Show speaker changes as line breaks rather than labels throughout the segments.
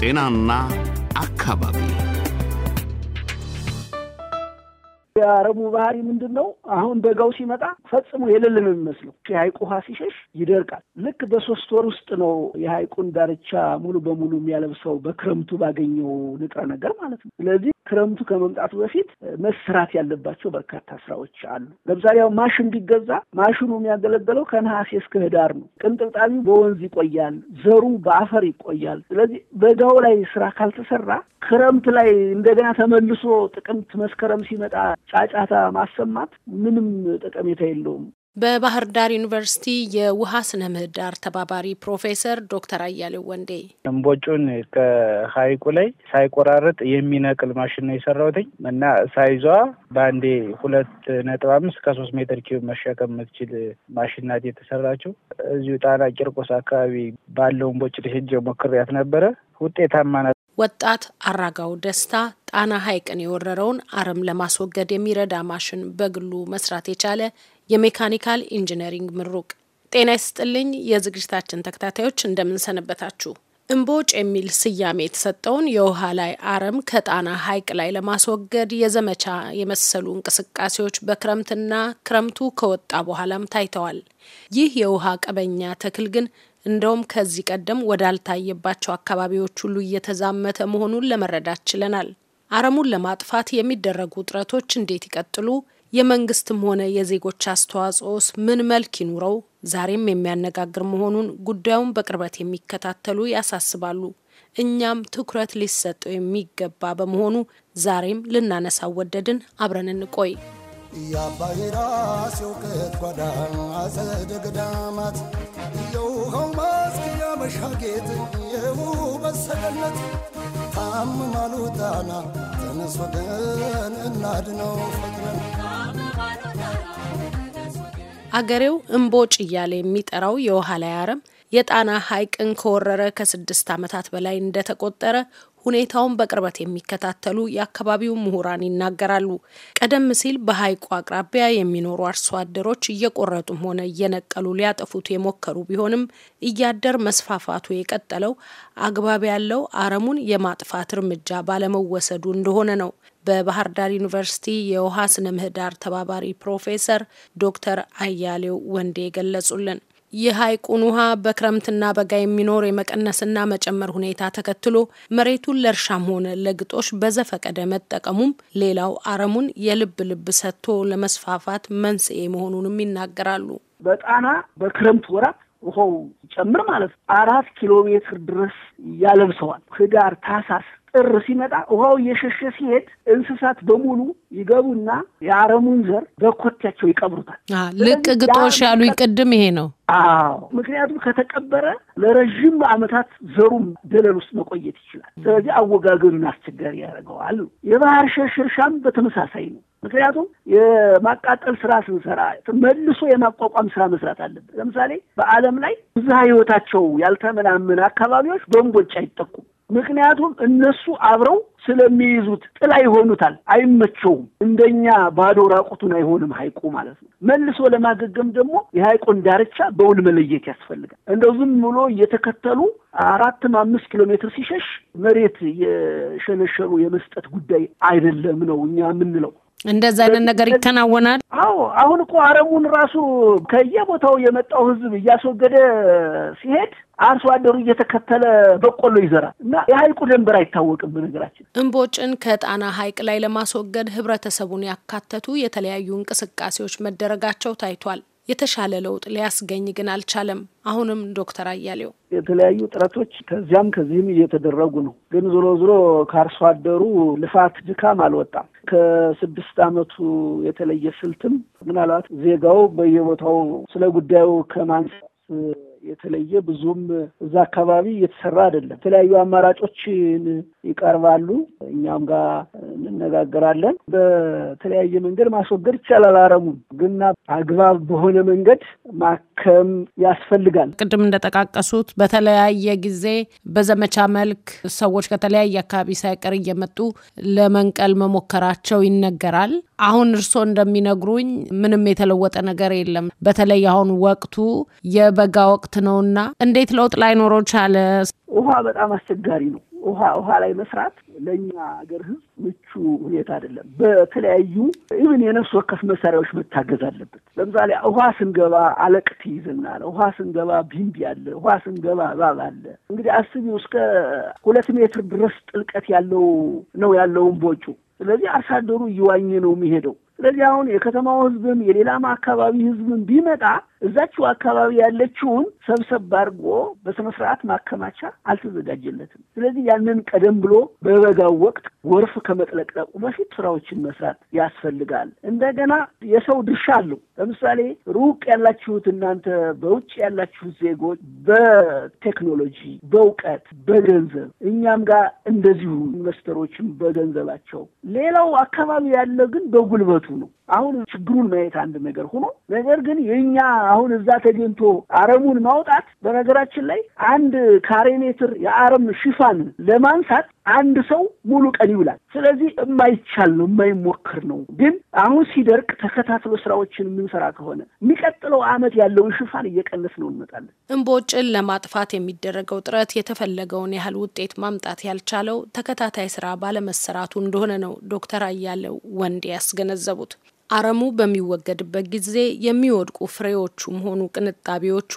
ጤናና አካባቢ የአረቡ ባህሪ ምንድን ነው? አሁን በጋው ሲመጣ ፈጽሞ የሌለ ነው የሚመስለው። የሀይቁ ውሃ ሲሸሽ ይደርቃል። ልክ በሶስት ወር ውስጥ ነው የሀይቁን ዳርቻ ሙሉ በሙሉ የሚያለብሰው በክረምቱ ባገኘው ንጥረ ነገር ማለት ነው። ስለዚህ ክረምቱ ከመምጣቱ በፊት መሰራት ያለባቸው በርካታ ስራዎች አሉ። ለምሳሌ ያው ማሽን ቢገዛ ማሽኑ የሚያገለግለው ከነሐሴ እስከ ህዳር ነው። ቅንጥብጣቢው በወንዝ ይቆያል፣ ዘሩ በአፈር ይቆያል። ስለዚህ በጋው ላይ ስራ ካልተሰራ ክረምት ላይ እንደገና ተመልሶ ጥቅምት መስከረም ሲመጣ ጫጫታ ማሰማት ምንም ጠቀሜታ የለውም።
በባህር ዳር ዩኒቨርሲቲ የውሃ ስነ ምህዳር ተባባሪ ፕሮፌሰር ዶክተር አያሌው ወንዴ
እምቦጩን ከሀይቁ ላይ ሳይቆራረጥ የሚነቅል ማሽን ነው የሰራውትኝ እና ሳይዟ በአንዴ ሁለት ነጥብ አምስት ከሶስት ሜትር ኪዩ መሸከም የምትችል ማሽን ናት የተሰራችው። እዚሁ ጣና ቂርቆስ አካባቢ ባለው እምቦጭ ላይ ሄጄ ሞክሬያት ነበረ። ውጤታማ ናት።
ወጣት አራጋው ደስታ ጣና ሐይቅን የወረረውን አረም ለማስወገድ የሚረዳ ማሽን በግሉ መስራት የቻለ የሜካኒካል ኢንጂነሪንግ ምሩቅ። ጤና ይስጥልኝ የዝግጅታችን ተከታታዮች እንደምንሰነበታችሁ። እምቦጭ የሚል ስያሜ የተሰጠውን የውሃ ላይ አረም ከጣና ሐይቅ ላይ ለማስወገድ የዘመቻ የመሰሉ እንቅስቃሴዎች በክረምትና ክረምቱ ከወጣ በኋላም ታይተዋል። ይህ የውሃ ቀበኛ ተክል ግን እንደውም ከዚህ ቀደም ወዳልታየባቸው አካባቢዎች ሁሉ እየተዛመተ መሆኑን ለመረዳት ችለናል። አረሙን ለማጥፋት የሚደረጉ ጥረቶች እንዴት ይቀጥሉ? የመንግስትም ሆነ የዜጎች አስተዋጽኦስ ምን መልክ ይኑረው? ዛሬም የሚያነጋግር መሆኑን ጉዳዩን በቅርበት የሚከታተሉ ያሳስባሉ። እኛም ትኩረት ሊሰጠው የሚገባ በመሆኑ ዛሬም ልናነሳ ወደድን። አብረን እንቆይ።
የአባይ ራስ እውቀት ጓዳ አጸደ ገዳማት የውሃው ማስክ ያመሻ ጌጥ ታምማሉ ጣና ተነስ ወገን እናድነው ፈጥነን
አገሬው እምቦጭ እያለ የሚጠራው የውሃ ላይ አረም የጣና ሐይቅን ከወረረ ከስድስት ዓመታት በላይ እንደተቆጠረ ሁኔታውን በቅርበት የሚከታተሉ የአካባቢው ምሁራን ይናገራሉ። ቀደም ሲል በሐይቁ አቅራቢያ የሚኖሩ አርሶ አደሮች እየቆረጡም ሆነ እየነቀሉ ሊያጠፉት የሞከሩ ቢሆንም እያደር መስፋፋቱ የቀጠለው አግባብ ያለው አረሙን የማጥፋት እርምጃ ባለመወሰዱ እንደሆነ ነው። በባህር ዳር ዩኒቨርሲቲ የውሃ ስነ ምህዳር ተባባሪ ፕሮፌሰር ዶክተር አያሌው ወንዴ የገለጹልን የሐይቁን ውሃ በክረምትና በጋ የሚኖር የመቀነስና መጨመር ሁኔታ ተከትሎ መሬቱን ለእርሻም ሆነ ለግጦሽ በዘፈቀደ መጠቀሙም ሌላው አረሙን የልብ ልብ ሰጥቶ ለመስፋፋት መንስኤ መሆኑንም ይናገራሉ።
በጣና በክረምት ወራት ውሃው ጨምር ማለት አራት ኪሎ ሜትር ድረስ ያለብሰዋል። ህዳር፣ ታህሳስ ጥር ሲመጣ ውሃው እየሸሸ ሲሄድ እንስሳት በሙሉ ይገቡና
የአረሙን ዘር በኮቴያቸው ይቀብሩታል። ልቅ ግጦሽ ያሉ ይቅድም ይሄ ነው። አዎ
ምክንያቱም ከተቀበረ ለረዥም ዓመታት ዘሩም ደለል ውስጥ መቆየት ይችላል። ስለዚህ አወጋገዱን አስቸጋሪ ያደርገዋል። የባህር ሸሽ በተመሳሳይ ነው። ምክንያቱም የማቃጠል ስራ ስንሰራ መልሶ የማቋቋም ስራ መስራት አለብን። ለምሳሌ በዓለም ላይ ብዙ ህይወታቸው ያልተመናመነ አካባቢዎች በእንቦጭ አይጠቁም። ምክንያቱም እነሱ አብረው ስለሚይዙት ጥላ ይሆኑታል፣ አይመቸውም። እንደኛ ባዶ ራቁቱን አይሆንም ሀይቁ ማለት ነው። መልሶ ለማገገም ደግሞ የሀይቁን ዳርቻ በውል መለየት ያስፈልጋል። እንደው ዝም ብሎ እየተከተሉ አራትም አምስት ኪሎ ሜትር ሲሸሽ መሬት የሸነሸኑ የመስጠት ጉዳይ አይደለም ነው እኛ የምንለው። እንደዚ አይነት ነገር
ይከናወናል።
አዎ አሁን እኮ አረሙን ራሱ ከየቦታው የመጣው ህዝብ እያስወገደ ሲሄድ አርሶ አደሩ እየተከተለ በቆሎ ይዘራል እና የሀይቁ ደንበር አይታወቅም። በነገራችን
እምቦጭን ከጣና ሀይቅ ላይ ለማስወገድ ህብረተሰቡን ያካተቱ የተለያዩ እንቅስቃሴዎች መደረጋቸው ታይቷል። የተሻለ ለውጥ ሊያስገኝ ግን አልቻለም። አሁንም ዶክተር አያሌው
የተለያዩ ጥረቶች ከዚያም ከዚህም እየተደረጉ ነው። ግን ዞሮ ዞሮ ከአርሶ አደሩ ልፋት ድካም አልወጣም። ከስድስት ዓመቱ የተለየ ስልትም ምናልባት ዜጋው በየቦታው ስለ ጉዳዩ ከማንሳት የተለየ ብዙም እዛ አካባቢ እየተሰራ አይደለም። የተለያዩ አማራጮች ይቀርባሉ፣ እኛም ጋር እንነጋገራለን። በተለያየ መንገድ ማስወገድ ይቻላል። አረሙን ግና አግባብ በሆነ መንገድ ማከም ያስፈልጋል።
ቅድም እንደጠቃቀሱት በተለያየ ጊዜ በዘመቻ መልክ ሰዎች ከተለያየ አካባቢ ሳይቀር እየመጡ ለመንቀል መሞከራቸው ይነገራል። አሁን እርስዎ እንደሚነግሩኝ ምንም የተለወጠ ነገር የለም። በተለይ አሁን ወቅቱ የበጋ ወቅት ወቅት ነውና እንዴት ለውጥ ላይኖረው ቻለ?
ውሃ በጣም አስቸጋሪ ነው። ውሃ ውሃ ላይ መስራት ለእኛ ሀገር ህዝብ ምቹ ሁኔታ አይደለም።
በተለያዩ ኢቨን የነፍስ
ወከፍ መሳሪያዎች መታገዝ አለበት። ለምሳሌ ውሃ ስንገባ አለቅት ይዘናል። ውሃ ስንገባ ቢምቢ አለ። ውሃ ስንገባ እባብ አለ። እንግዲህ አስቢው እስከ ሁለት ሜትር ድረስ ጥልቀት ያለው ነው ያለውን ቦጩ። ስለዚህ አርሶ አደሩ እየዋኘ ነው የሚሄደው። ስለዚህ አሁን የከተማው ህዝብም የሌላም አካባቢ ህዝብም ቢመጣ እዛችው አካባቢ ያለችውን ሰብሰብ አድርጎ በስነ ስርዓት ማከማቻ አልተዘጋጀለትም። ስለዚህ ያንን ቀደም ብሎ በበጋው ወቅት ጎርፍ ከመጥለቅለቁ በፊት ስራዎችን መስራት ያስፈልጋል። እንደገና የሰው ድርሻ አለው። ለምሳሌ ሩቅ ያላችሁት እናንተ በውጭ ያላችሁት ዜጎች በቴክኖሎጂ፣ በእውቀት፣ በገንዘብ እኛም ጋር እንደዚሁ ኢንቨስተሮችም በገንዘባቸው ሌላው አካባቢ ያለው ግን በጉልበቱ ማለቱ ነው። አሁን ችግሩን ማየት አንድ ነገር ሆኖ፣ ነገር ግን የእኛ አሁን እዛ ተገኝቶ አረሙን ማውጣት በነገራችን ላይ አንድ ካሬ ሜትር የአረም ሽፋን ለማንሳት አንድ ሰው ሙሉ ቀን ይውላል። ስለዚህ የማይቻል ነው፣ የማይሞክር ነው። ግን አሁን ሲደርቅ ተከታትሎ ስራዎችን የምንሰራ ከሆነ የሚቀጥለው አመት ያለውን ሽፋን እየቀነስ ነው እንመጣለን።
እምቦጭን ለማጥፋት የሚደረገው ጥረት የተፈለገውን ያህል ውጤት ማምጣት ያልቻለው ተከታታይ ስራ ባለመሰራቱ እንደሆነ ነው ዶክተር አያለው ወንድ ያስገነዘቡት። አረሙ በሚወገድበት ጊዜ የሚወድቁ ፍሬዎቹም ሆኑ ቅንጣቢዎቹ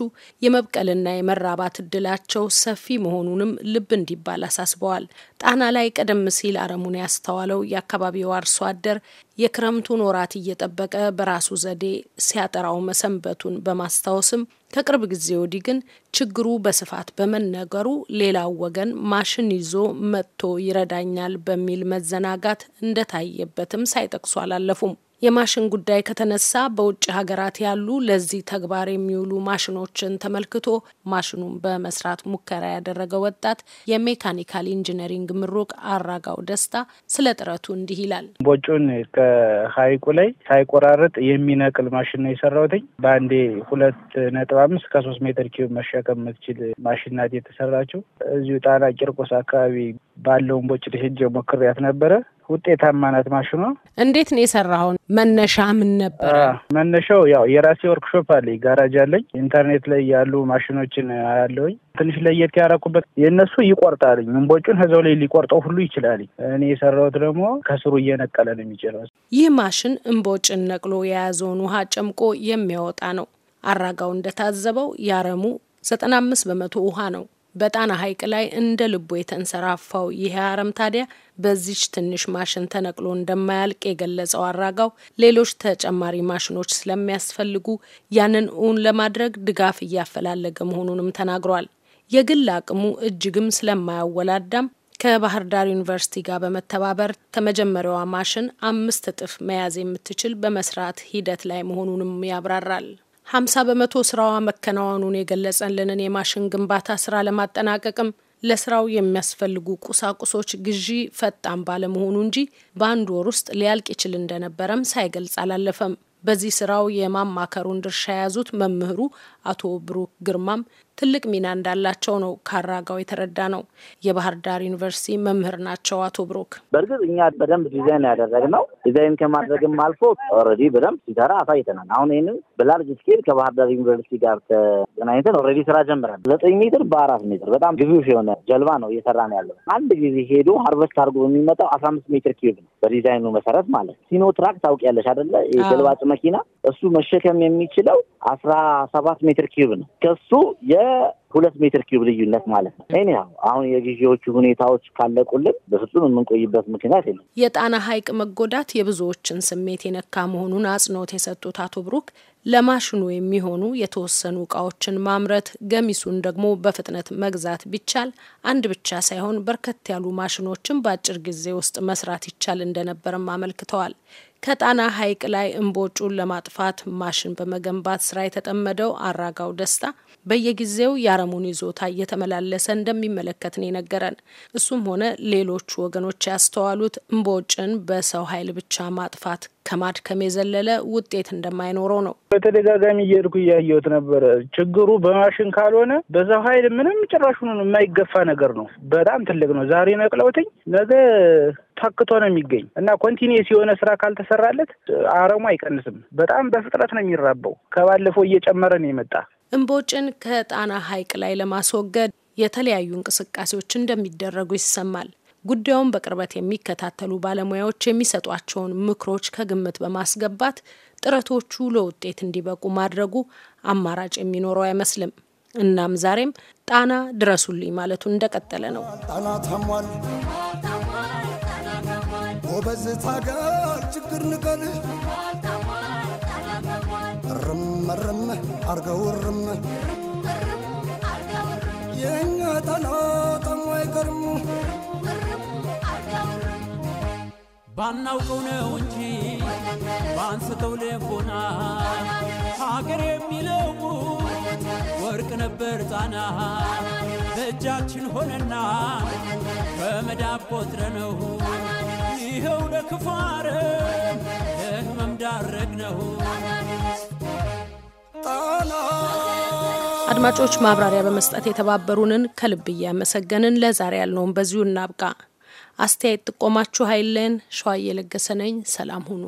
የመብቀልና የመራባት እድላቸው ሰፊ መሆኑንም ልብ እንዲባል አሳስበዋል። ጣና ላይ ቀደም ሲል አረሙን ያስተዋለው የአካባቢው አርሶ አደር የክረምቱን ወራት እየጠበቀ በራሱ ዘዴ ሲያጠራው መሰንበቱን በማስታወስም ከቅርብ ጊዜ ወዲህ ግን ችግሩ በስፋት በመነገሩ ሌላው ወገን ማሽን ይዞ መጥቶ ይረዳኛል በሚል መዘናጋት እንደታየበትም ሳይጠቅሱ አላለፉም። የማሽን ጉዳይ ከተነሳ በውጭ ሀገራት ያሉ ለዚህ ተግባር የሚውሉ ማሽኖችን ተመልክቶ ማሽኑን በመስራት ሙከራ ያደረገ ወጣት የሜካኒካል ኢንጂነሪንግ ምሩቅ አራጋው ደስታ ስለ ጥረቱ እንዲህ ይላል።
ቦጩን ከሀይቁ ላይ ሳይቆራረጥ የሚነቅል ማሽን ነው የሰራሁት። በአንዴ ሁለት ነጥብ አምስት ከሶስት ሜትር ኪዩብ መሸከም የምትችል ማሽን ናት የተሰራችው። እዚሁ ጣና ቂርቆስ አካባቢ ባለውን ቦጭ ሄጄ ሞክሬያት ነበረ። ውጤታማ ናት ማሽኗ።
እንዴት ነው የሰራኸውን? መነሻ ምን
ነበር? መነሻው ያው የራሴ ወርክሾፕ አለኝ፣ ጋራጅ አለኝ። ኢንተርኔት ላይ ያሉ ማሽኖችን አያለውኝ። ትንሽ ለየት ያደረኩበት የእነሱ ይቆርጣልኝ፣ እንቦጩን ህዘው ላይ ሊቆርጠው ሁሉ ይችላል። እኔ የሰራሁት ደግሞ ከስሩ እየነቀለ ነው የሚችለው።
ይህ ማሽን እንቦጭን ነቅሎ የያዘውን ውሃ ጨምቆ የሚያወጣ ነው። አራጋው እንደታዘበው ያረሙ ዘጠና አምስት በመቶ ውሃ ነው። በጣና ሐይቅ ላይ እንደ ልቦ የተንሰራፋው ይህ አረም ታዲያ በዚች ትንሽ ማሽን ተነቅሎ እንደማያልቅ የገለጸው አራጋው ሌሎች ተጨማሪ ማሽኖች ስለሚያስፈልጉ ያንን እውን ለማድረግ ድጋፍ እያፈላለገ መሆኑንም ተናግሯል። የግል አቅሙ እጅግም ስለማያወላዳም ከባህር ዳር ዩኒቨርሲቲ ጋር በመተባበር ከመጀመሪያዋ ማሽን አምስት እጥፍ መያዝ የምትችል በመስራት ሂደት ላይ መሆኑንም ያብራራል። ሀምሳ በመቶ ስራዋ መከናወኑን የገለጸልንን የማሽን ግንባታ ስራ ለማጠናቀቅም ለስራው የሚያስፈልጉ ቁሳቁሶች ግዢ ፈጣን ባለመሆኑ እንጂ በአንድ ወር ውስጥ ሊያልቅ ይችል እንደነበረም ሳይገልጽ አላለፈም። በዚህ ስራው የማማከሩን ድርሻ የያዙት መምህሩ አቶ ብሩክ ግርማም ትልቅ ሚና እንዳላቸው ነው ከአራጋው የተረዳ ነው። የባህር ዳር ዩኒቨርሲቲ መምህር ናቸው አቶ ብሩክ።
በእርግጥ እኛ በደንብ ዲዛይን ያደረግነው ዲዛይን ከማድረግም አልፎ ኦልሬዲ በደንብ ሲሰራ አሳይተናል። አሁን ይህንን በላርጅ ስኬል ከባህር ዳር ዩኒቨርሲቲ ጋር ተገናኝተን ኦልሬዲ ስራ ጀምረናል። ዘጠኝ ሜትር በአራት ሜትር በጣም ግዙፍ የሆነ ጀልባ ነው እየሰራ ነው ያለው። አንድ ጊዜ ሄዶ ሀርቨስት አድርጎ የሚመጣው አስራ አምስት ሜትር ኪዩብ ነው በዲዛይኑ መሰረት ማለት ሲኖ ትራክ ታውቂያለሽ አደለ? የጀልባጭ መኪና እሱ መሸከም የሚችለው አስራ ሰባት ሜትር ኪዩብ ነው ከሱ የ ሁለት ሜትር ኪዩብ ልዩነት ማለት ነው። እኔ አሁን የጊዜዎቹ ሁኔታዎች ካለቁልን
በፍጹም የምንቆይበት ምክንያት የለም።
የጣና ሐይቅ መጎዳት የብዙዎችን ስሜት የነካ መሆኑን አጽንኦት የሰጡት አቶ ብሩክ ለማሽኑ የሚሆኑ የተወሰኑ እቃዎችን ማምረት ገሚሱን ደግሞ በፍጥነት መግዛት ቢቻል አንድ ብቻ ሳይሆን በርከት ያሉ ማሽኖችን በአጭር ጊዜ ውስጥ መስራት ይቻል እንደነበርም አመልክተዋል። ከጣና ሐይቅ ላይ እምቦጩን ለማጥፋት ማሽን በመገንባት ስራ የተጠመደው አራጋው ደስታ በየጊዜው የአረሙን ይዞታ እየተመላለሰ እንደሚመለከትን ነው የነገረን። እሱም ሆነ ሌሎቹ ወገኖች ያስተዋሉት እምቦጭን በሰው ኃይል ብቻ ማጥፋት ከማድከም የዘለለ ውጤት እንደማይኖረው ነው።
በተደጋጋሚ እየሄድኩ እያየሁት ነበረ። ችግሩ በማሽን ካልሆነ በሰው ኃይል ምንም ጭራሹን የማይገፋ ነገር ነው። በጣም ትልቅ ነው። ዛሬ ነቅለውትኝ ነገ ታክቶ ነው የሚገኝ እና ኮንቲኒስ የሆነ ስራ ካልተሰራለት አረሙ አይቀንስም። በጣም በፍጥረት ነው የሚራባው። ከባለፈው እየጨመረ ነው የመጣ
እምቦጭን ከጣና ሐይቅ ላይ ለማስወገድ የተለያዩ እንቅስቃሴዎች እንደሚደረጉ ይሰማል። ጉዳዩን በቅርበት የሚከታተሉ ባለሙያዎች የሚሰጧቸውን ምክሮች ከግምት በማስገባት ጥረቶቹ ለውጤት እንዲበቁ ማድረጉ አማራጭ የሚኖረው አይመስልም። እናም ዛሬም ጣና ድረሱልኝ ማለቱ እንደቀጠለ ነው።
ጣና ታሟል፣ ጎበዝ ችግር ንቀል እርም አርገውርም የኛ የእኛ ተናጠሙ ባናውቀው ነው እንጂ ባንስተው ልቦና ሀገር የሚለው ወርቅ ነበር ጣና በእጃችን ሆነና በመዳብ ቆጥረ ነው ይኸው ለክፋረ ለህመም ዳረግ ነው
አድማጮች ማብራሪያ በመስጠት የተባበሩንን ከልብ እያመሰገንን ለዛሬ ያለውን በዚሁ እናብቃ። አስተያየት ጥቆማችሁ ኃይለን ሸዋ እየለገሰ ነኝ። ሰላም ሁኑ።